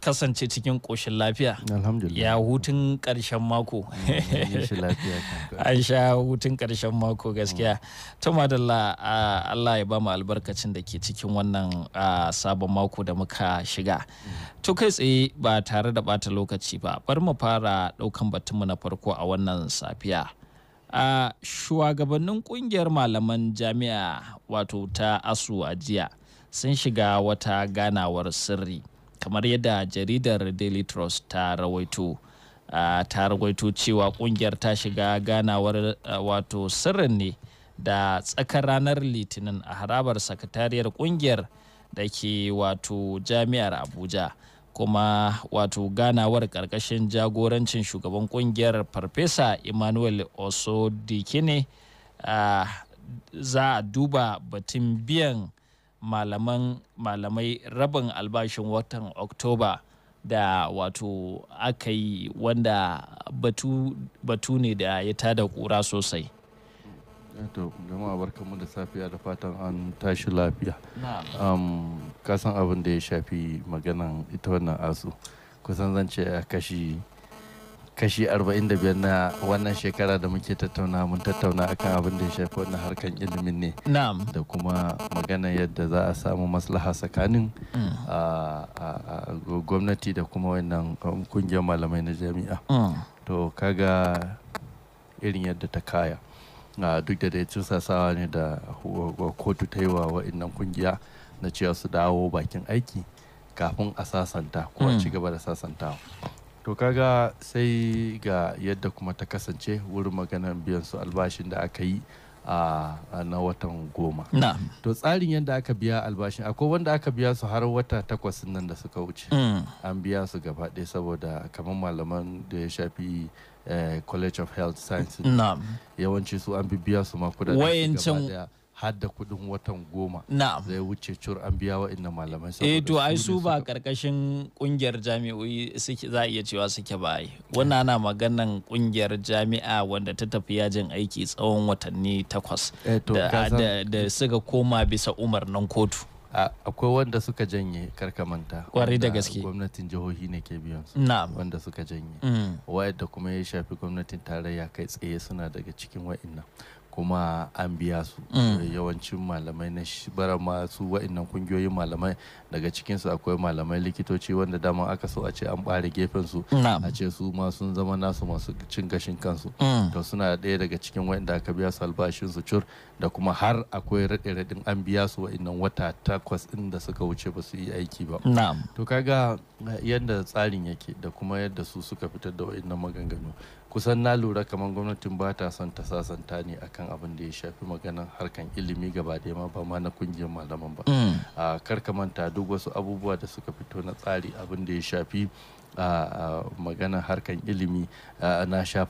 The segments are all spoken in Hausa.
kasance cikin ƙoshin lafiya. Ya hutun ƙarshen mako. An sha hutun ƙarshen mako gaskiya. Ta madalla Allah ya ba mu albarkacin da ke cikin wannan sabon mako da muka shiga. Mm. To kai tsaye ba tare da bata lokaci ba, bar mu fara ɗaukan batunmu na farko a wannan safiya. A shugabannin ƙungiyar malaman jami'a wato ta asu a jiya sun shiga wata ganawar sirri. kamar yadda jaridar daily trust ta rawaito ta rawaito cewa kungiyar ta shiga ganawar wato sirrin ne da tsakar ranar litinin a harabar sakatariyar kungiyar da ke wato jami'ar abuja kuma wato ganawar karkashin jagorancin shugaban kungiyar farfesa emmanuel osodikine za a duba batun biyan malaman malamai rabin albashin watan oktoba da wato aka yi wanda batu, batu ne da ya tada kura sosai eh to jama'a barkanmu da safiya da fatan an tashi lafiya kasan abin da ya shafi maganan ita wannan asu kusan zance a kashi kashi 45 na wannan shekara da muke tattauna mun tattauna akan abin da ya shafi wannan harkan ilimin ne da kuma magana yadda za a samu maslaha tsakanin mm. gwamnati da kuma wannan um, kungiyar malamai na jami'a mm. to kaga irin yadda ta kaya duk da dai sasawa ne da kotu ta yi wa wa'annan kungiya na cewa su dawo bakin aiki kafin a sasanta ko a mm. ci gaba da sasantawa to kaga sai ga yadda kuma ta kasance wurin maganar biyan su albashin da aka yi a na watan goma to tsarin yadda aka biya albashin akwai wanda aka biya su har wata takwas nan da suka wuce mm. an biya su gaba ɗaya saboda kamar malaman da ya shafi eh, college of health sciences yawanci su an bi biya su ma kudaden wayancan har da kudin watan goma zai wuce cur an biya wa inna malamai eh to ai su ba karkashin kungiyar jami'o'i suke za iya cewa suke ba ai wannan ana maganan kungiyar jami'a wanda ta tafi yajin aiki tsawon watanni takwas eh, da suka koma bisa umarnin kotu akwai wanda suka janye karkamanta kwarai da gaske gwamnatin jihohi ne ke biyan su wanda suka janye mm. da kuma ya shafi gwamnatin tarayya kai tsaye suna daga cikin wa'annan kuma an biya su mm. eh, yawancin malamai na bara masu wa'annan kungiyoyin malamai daga cikinsu akwai malamai likitoci wanda dama aka so a ce an bare gefen su a ce su ma sun zama nasu masu cin gashin kansu mm. to suna ɗaya daga cikin wa'anda aka biya su albashin su cur da kuma har akwai raɗe-raɗin an biya su wa'annan wata takwas ɗin da suka wuce ba su yi aiki ba to kaga eh, yadda tsarin yake da kuma yadda su suka fitar da wa'annan maganganu kusan na lura kamar gwamnatin ba ta son ta sasanta ne akan abin da ya shafi maganan harkan ilimi gaba da ma ba ma na kungiyar malaman ba mm. a karka manta duk wasu abubuwa da suka fito na tsari abin da ya shafi a maganan harkan ilimi na sha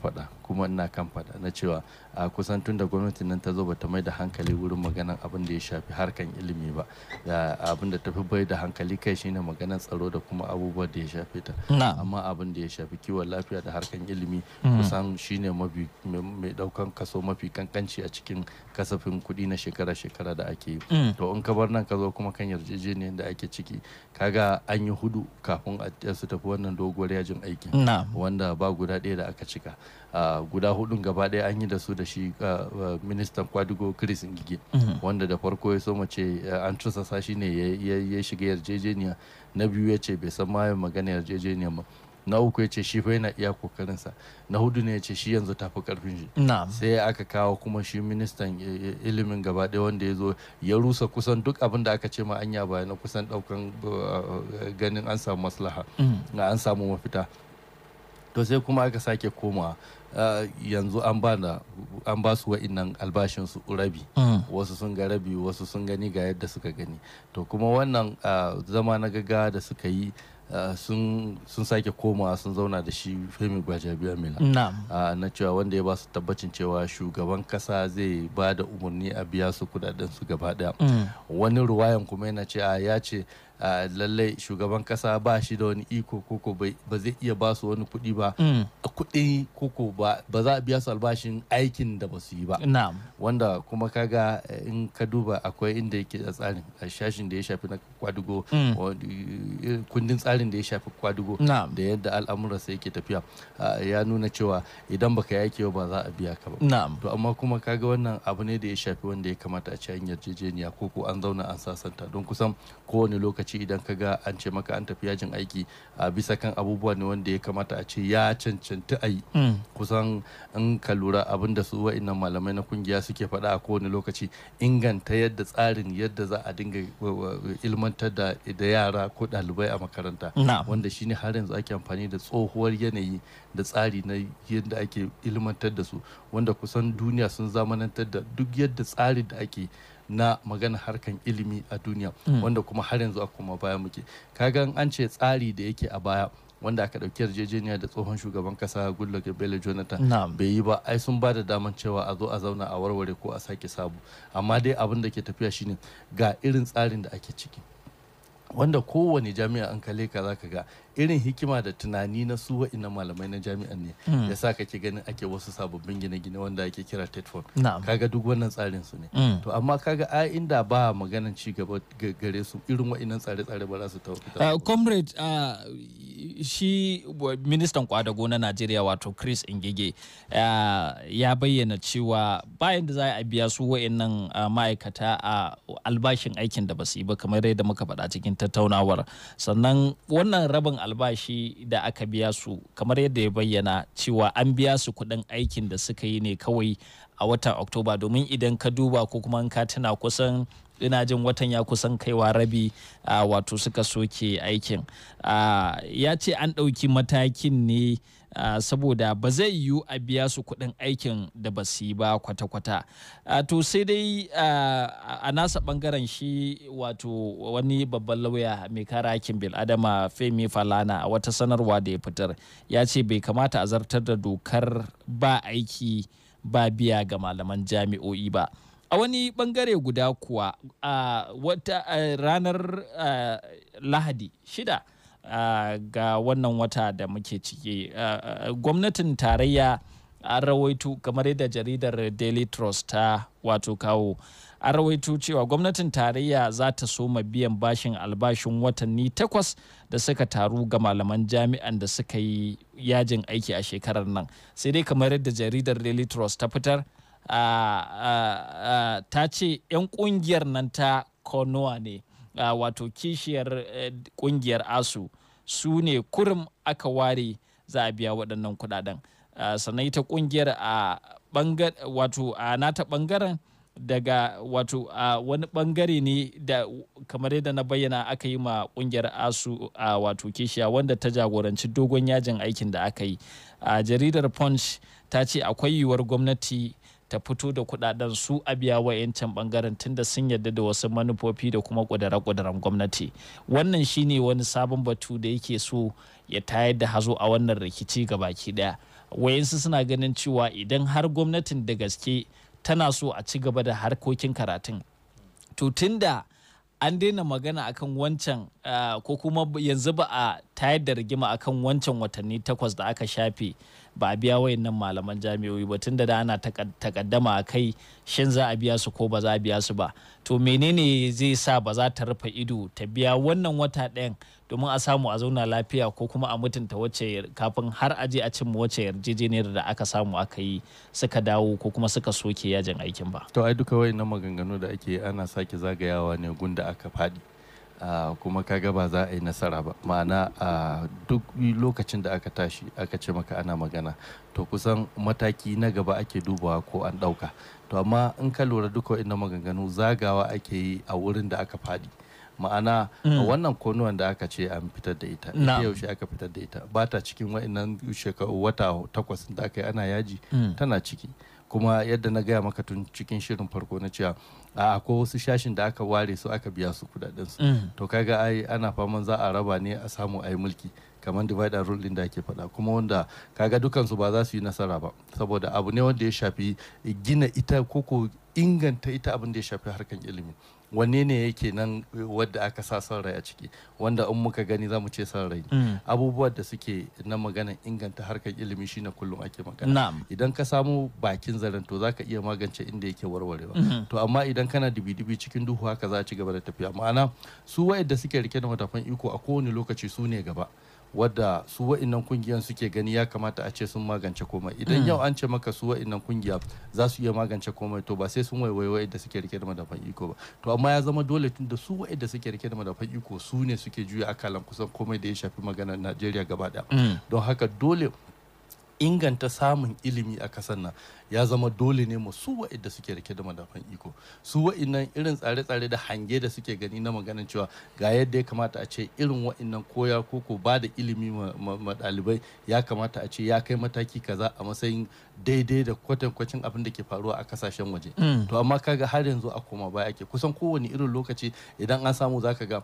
kuma ina kan faɗa na cewa a kusan tun da gwamnati nan ta zo bata mai da hankali wurin maganan abin da ya shafi harkan ilimi ba da abin da tafi bai da hankali kai shine maganan tsaro da kuma abubuwan da ya shafi ta amma abin da ya shafi kiwon lafiya da harkan ilimi mm-hmm. kusan shine mafi mai daukan kaso mafi kankanci a cikin kasafin kuɗi na shekara-shekara da ake yi mm. to in ka bar nan ka zo kuma kan yarjejeniyar da ake ciki kaga an yi hudu kafin a su tafi wannan doguwar yajin aikin wanda ba guda ɗaya da aka cika guda hudun gaba daya an yi da su da shi ministan kwadugo chris ngige mhm. wanda da farko ya so mace an tursasa shi ne ya shiga yarjejeniya na biyu ya ce bai san ma magana yarjejeniya ba na uku ya ce shi fa yana iya kokarinsa na hudu ne ya ce shi yanzu tafi karfin shi sai aka kawo kuma shi ministan e, e, ilimin gaba daya wanda ya zo ya rusa kusan duk abin da aka ce ma anya baya na kusan ɗaukan ganin an samu maslaha mhm. an samu mafita to sai kuma aka sake komawa yanzu an an ba su wa'innan albashin su rabi hmm. wasu sun ga rabi wasu sun gani ga yadda suka gani to kuma wannan zama na gaga da suka yi sun sake koma sun zauna da shi femi gwajabiya mila na cewa wanda ya ba su tabbacin cewa shugaban kasa zai ba da umarni a biya su kudaden su gaba daya hmm. wani ruwayan kuma yana ce ya ce lallai shugaban kasa ba shi da wani iko koko ba zai iya ba su wani kuɗi ba mm. kuɗi koko ba za a biya su albashin aikin da ba su yi ba wanda kuma kaga eh, in ka duba akwai inda yake da tsarin shashin da ya shafi na kwadugo mm. eh, kundin tsarin da ya shafi kwadugo da yadda al'amuransa yake tafiya ya nuna cewa idan baka yake ba za a biya ka ba to amma kuma kaga wannan abu ne da ya shafi wanda ya kamata a ci hanyar yarjejeniya ko an zauna an sasanta don kusan kowane lokaci lokaci idan ka ga an ce maka an tafi yajin aiki a bisa kan abubuwa ne wanda ya kamata a ce ya cancanci a yi mm. kusan in ka lura abin da su wa'innan malamai na kungiya suke faɗa a kowane lokaci inganta yadda tsarin yadda za a dinga ilmantar da yara ko ɗalibai a makaranta wanda shine har yanzu ake amfani da tsohuwar yanayi da tsari na yadda ake ilmantar da su wanda kusan duniya sun zamanantar da duk yadda tsari da ake na magana harkan ilimi a duniya hmm. wanda kuma har yanzu akuma kuma baya muke kagan an ce tsari da yake a baya wanda aka ɗauki yarjejeniya da tsohon shugaban kasa goodluck Bello jonathan bai yi ba ai sun bada daman cewa a zo a zauna a warware ko a sake sabu amma dai abin da ke tafiya shine ga irin tsarin da ake ciki wanda kowane jami'a an kale ka zaka ga irin hikima da tunani na su na malamai na jami'an ne hmm. ya sa kake ganin ake wasu sababbin gine-gine wanda ake kira tetford kaga duk wannan tsarin su ne hmm. to amma kaga a inda ba maganan ci gaba gare su irin wa'innan tsare-tsare ba za su ta uh, comrade uh, shi ministan kwadago na najeriya wato chris ingige uh, ya bayyana cewa bayan da za a biya su wa'innan ma'aikata a albashin aikin da ba su yi ba kamar yadda muka faɗa cikin tattaunawar sannan wannan rabin albashi da aka biya su kamar yadda ya bayyana cewa an biya su kuɗin aikin da suka yi ne kawai a watan oktoba domin idan ka duba ko kuma ka tana kusan ina jin watan ya kusan kaiwa rabi wato suka soke aikin ya ce an ɗauki matakin ne Ah, saboda ba zai yiwu a biya su kuɗin aikin da ba su yi ba kwata-kwata ah, to sai dai ah, a nasa ɓangaren shi wato wani babban lauya mai kara hakin bil'adama femi falana a wata sanarwa da ya fitar ya ce bai kamata a zartar da dokar ba aiki ba biya ga malaman jami'o'i ba a wani bangare guda kuwa a wata ranar lahadi shida ga wannan wata da muke ciki gwamnatin tarayya an rawaito kamar yadda jaridar daily trust ta wato kawo an rawaito cewa gwamnatin tarayya za ta soma biyan bashin albashin watanni takwas da suka taru ga malaman jami'an da suka yi yajin aiki a shekarar nan sai dai kamar yadda jaridar daily trust ta fitar ta ce 'yan kungiyar nan ta konuwa ne wato kishiyar kungiyar eh, asu su ne kurum aka ware za a biya waɗannan kudaden sannan ita kungiyar a wato a nata ɓangaren daga wato a wani bangare ne da kamar yadda na bayyana aka yi ma kungiyar asu a wato kishiya wanda ta jagoranci dogon yajin aikin da aka yi a jaridar punch ta ce akwai yiwuwar gwamnati ta fito da kuɗaɗen su a biya wayancan bangaren da sun yarda da wasu manufofi da kuma kudura-kuduran gwamnati wannan shine wani sabon batu da yake so ya tayar da hazo a wannan rikici ga baki daya wayansu suna ganin cewa idan har gwamnatin da gaske tana so a ci gaba da harkokin karatun to tunda an daina magana akan wancan ah, ko kuma yanzu ba a tayar da rigima akan wancan watanni takwas da aka shafe ba a biya nan malaman jami'o'i ba tunda da ana takaddama a kai shin za a biya su ko ba za a biya su ba to menene zai sa ba za ta rufe ido ta biya wannan wata ɗayan domin a samu a zauna lafiya ko kuma a mutunta wacce kafin har aje a cimma wacce yarjejeniyar da aka samu aka yi suka dawo ko kuma suka soke yajin aikin ba to ai duka wayannan maganganu da ake ana sake zagayawa ne gunda aka faɗi kuma ka ga ba za a yi nasara ba ma'ana duk lokacin da aka tashi aka ce maka ana magana to kusan mataki na gaba ake dubawa ko an ɗauka to amma in ka lura duka inda maganganu zagawa ake yi a wurin da aka faɗi ma'ana mm. wannan konuwan da aka ce an fitar da ita ita yaushe aka fitar da ita ba ta cikin nan shekaru wata takwas da aka yi ana yaji mm. tana ciki kuma yadda na gaya maka tun cikin shirin farko na cewa a akwai wasu shashin da aka ware su aka biya su kudaden su mm. to kaga ai ana faman za a raba ne a samu ai mulki kamar divide and rule din da ake faɗa kuma wanda kaga dukansu ba za su yi nasara ba saboda abu ne wanda ya shafi gina ita koko inganta ita abin da ya shafi harkan ilimi wanne ne yake nan eh, wadda aka sa son rai a ciki wanda in muka gani za mu ce son rai mm. abubuwan da suke na magana inganta harkar ilimi shi shine kullum ake magana idan ka samu bakin zaren to zaka iya magance inda yake warwarewa mm-hmm. to amma idan kana dibi-dibi cikin duhu haka za a ci gaba da tafiya ma'ana su da suke rike da matafan iko a kowane lokaci su ne gaba wadda su wa'innan kungiyan suke gani ya kamata a ce sun magance komai idan mm. yau an ce maka su wa'innan kungiya za su iya magance komai to ba sai sun waiwaye wa'inda suke rike da madafan iko ba to amma ya zama dole tun da su wa'inda suke rike da madafan iko su ne suke juya akalan kusan komai da ya shafi maganar Najeriya gaba daya mm. don haka dole inganta samun ilimi a kasar nan ya zama dole ne mu su da suke rike da madafan iko su wa'innan irin tsare-tsare da hange da suke gani na maganin cewa ga yadda ya kamata a ce irin wa'innan koya ko ko ba da ilimi ma ɗalibai ya kamata a ce ya kai mataki kaza a matsayin daidai da kwatankwacin abin da ke faruwa a kasashen waje mm. to amma kaga har yanzu a koma baya ake kusan kowane irin lokaci idan an samu zaka ga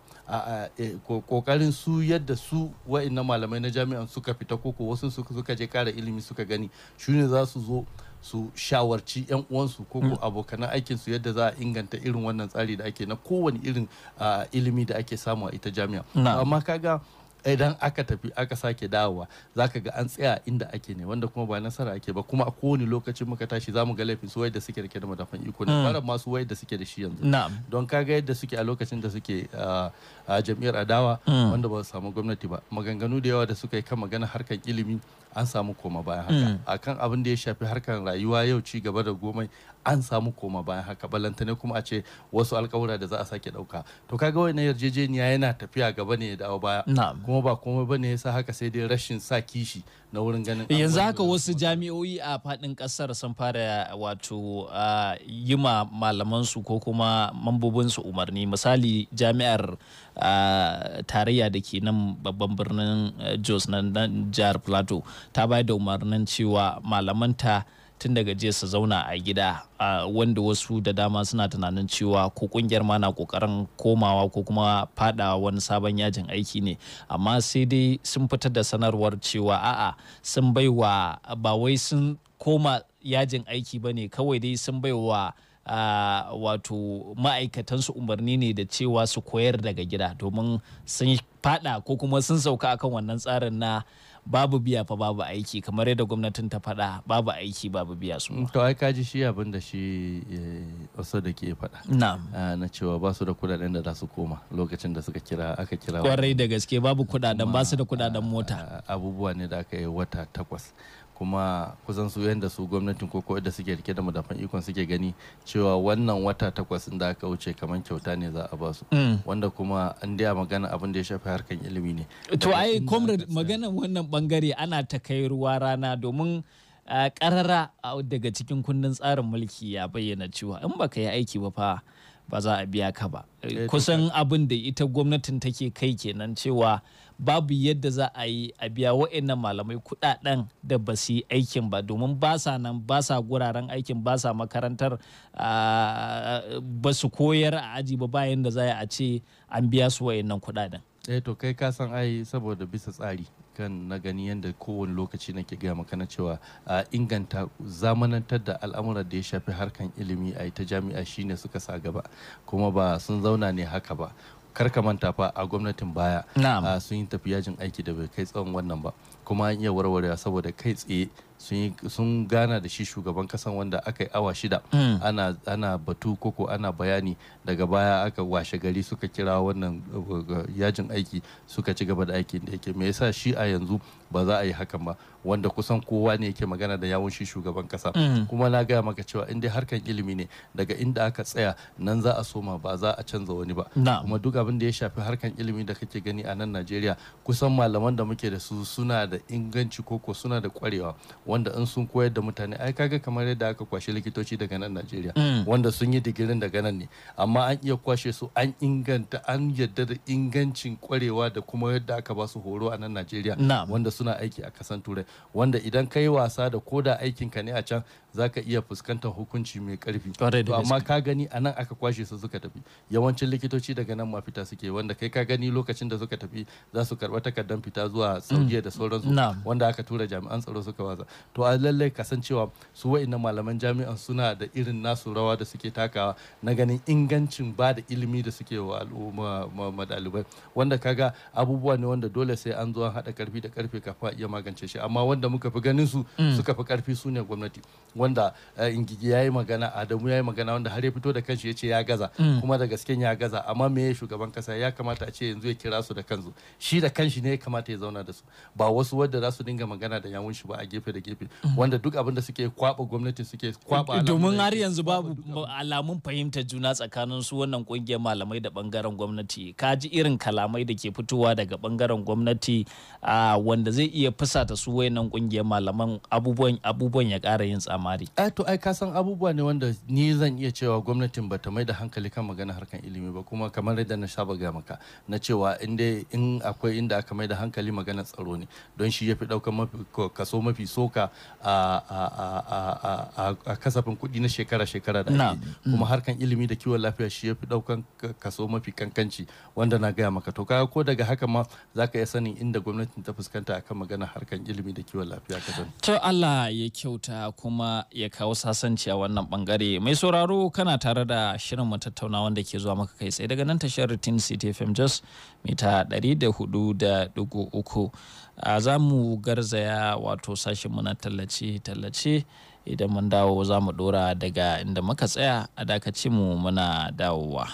e, kokarin su yadda su wa'innan malamai na jami'an suka fita koko wasu suka je kara ilimi suka gani shine za su zo su shawarci 'yan uwansu ko ko mm. abokanan aikinsu yadda za a inganta irin wannan tsari da ake na kowane irin ah, ilimi da ake samu a ita jami'a amma kaga idan aka tafi aka sake dawowa zaka ga an tsaya inda ake ne wanda kuma ba nasara ake ba kuma a kowane lokaci muka tashi mu ga laifin su da suke rike da madafan iko ne fara hmm. masu wayar da suke da shi yanzu don ka ga yadda suke a lokacin da suke a ah, ah, jam'iyyar adawa hmm. wanda ba su samu gwamnati ba maganganu da yawa da suka yi kan magana harkar ilimi an samu koma bayan haka hmm. akan abin da ya shafi harkar rayuwa yau ci gaba da gomai an samu koma bayan haka balanta kuma a ce wasu alkawura da za a sake dauka to kaga wannan yarjejeniya yana tafiya gaba ne da baya kuma ba komai ne yasa haka sai dai rashin sa kishi na wurin ganin yanzu haka wasu jami'o'i a fadin kasar sun fara wato yi ma malaman su ko kuma mambobin su umarni misali jami'ar tarayya da ke nan babban birnin eh, Jos na jihar Plateau ta bayar da umarnin cewa malamanta tun daga jiya su zauna a gida wanda wasu da dama suna tunanin cewa ko kungiyar ma na kokarin komawa ko kuma fada wani sabon yajin aiki ne amma sai dai sun fitar da sanarwar cewa a'a sun baiwa ba wai sun koma yajin aiki ba ne kawai dai sun baiwa Ah, wato ma'aikatansu umarni ne da cewa su koyar daga gida domin sun fada ko kuma sun sauka akan wannan tsarin na babu biya fa babu aiki kamar yadda gwamnatin ta faɗa babu aiki babu biya su to ai kaji shi abin da shi wasu eh, da ke faɗa ah, na cewa ba su da kudaden da za su koma lokacin da suka kira aka kira kwarai da gaske babu kudaden ba su da kudaden mota ah, abubuwa ne da aka yi wata takwas kuma kusan su yadda su gwamnatin ko da suke rike da madafan ikon suke gani cewa wannan wata takwas da aka wuce kamar kyauta ne za a ba su mm. wanda kuma an daya magana abin da ya shafi harkan ilimi ne to ai comrade maganan wannan bangare ana ta kai ruwa rana domin karara ah, ah, daga cikin kundin tsarin mulki ya bayyana cewa in baka yi aiki ba fa ba za a biya ka ba eh, kusan abin da ita gwamnatin take kai kenan cewa babu yadda za a yi a biya wa'annan malamai kudaden da ba su yi aikin ba domin ba sa nan ba sa guraren aikin ba sa makarantar ah, ba su koyar a aji ba bayan da za a ce an biya su wa'annan kudaden eh to kai ka san ai saboda bisa tsari kan na gani yadda kowane lokaci nake gaya maka na cewa a inganta zamanantar da al'amuran da ya shafi harkan ilimi a ita jami'a shine suka sa gaba kuma ba sun zauna ne haka ba kar ka manta fa a gwamnatin baya sun yi tafiya yajin aiki da bai kai tsawon wannan ba kuma an iya warwarewa saboda kai tsaye sun gana da shi shugaban kasan wanda aka yi awa shida hmm. ana, batu koko ana bayani daga baya aka washe gari suka kira wannan uh, yajin aiki suka ci gaba da aikin da yake me yasa shi a yanzu ba za a yi hakan ba wanda kusan kowa ne yake magana da yawon shi shugaban kasa hmm. kuma na gaya maka cewa in dai harkan ilimi ne daga inda aka tsaya nan za a soma ba za a canza wani ba kuma duk abin da ya shafi harkan ilimi da kake gani a nan najeriya kusan malaman da muke da su suna da inganci koko suna da kwarewa wanda in sun koyar da mutane ai kaga kamar yadda aka kwashe likitoci daga nan Najeriya mm. wanda sun yi digirin daga nan ne amma an iya kwashe su an inganta an yadda da ingancin kwarewa da kuma yadda aka ba su horo a nan Najeriya wanda suna aiki a kasan Turai wanda idan kai wasa da koda aikin ka ne a can za ka iya fuskantar hukunci mai karfi to amma ka gani a nan aka kwashe su suka tafi yawancin likitoci daga nan ma fita suke wanda kai ka gani lokacin da suka tafi za su karɓa takardar fita zuwa mm. saudiya da sauransu wanda aka tura jami'an tsaro suka waza to a lallai kasancewa su ina malaman jami'an suna da irin nasu rawa da suke takawa na ganin ingancin ba da ilimi da suke wa al'umma madalibai. wanda kaga abubuwa ne wanda dole sai an zo an haɗa karfi da karfe kafa a iya magance shi amma wanda muka fi ganin su mm. suka fi karfi su ne gwamnati wanda eh, ingigi ya yi magana adamu ya yi magana wanda har ya fito da kanshi ya ce ya gaza mm. kuma da gaske ya gaza amma me shugaban kasa ya kamata a ce yanzu ya kira su da kansu shi da kanshi ne ya kamata ya zauna da su ba wasu wadda za su dinga magana da yawun shi ba a gefe da gefe mm. wanda duk abin da suke kwaba gwamnati suke kwaba domin har yanzu babu alamun fahimta juna tsakanin su wannan kungiyar malamai da bangaren gwamnati ka ji irin kalamai da ke fitowa daga bangaren gwamnati ah, wanda zai iya fusata su wayannan kungiyar malaman abubuwan abubuwan ya kara yin tsamani tsari ai eh, to ai ka abubuwa ne wanda ni zan iya cewa gwamnatin ba ta mai da hankali kan magana harkan ilimi ba kuma kamar yadda na saba ga maka na cewa in in akwai inda aka mai da hankali magana tsaro ne don shi yafi daukan mafi kaso mafi soka a a a a kasafin kuɗi na shekara-shekara da ake mm. kuma harkan ilimi da kiwon lafiya shi yafi daukan ɗaukan kaso mafi kankanci wanda na gaya maka to kaga ko daga haka ma za ka iya sanin inda gwamnatin ta fuskanta akan magana harkan ilimi da kiwon lafiya ka to Allah ya kyauta kuma ya kawo sasanci a wannan bangare mai sauraro kana tare da shirin matattauna wanda ke zuwa maka kai tsaye daga nan tashar tin city fm jos mita 400.3 a za mu garzaya wato sashen muna tallace-tallace idan mun dawo za mu dora daga inda muka tsaya a dakace mu muna dawowa.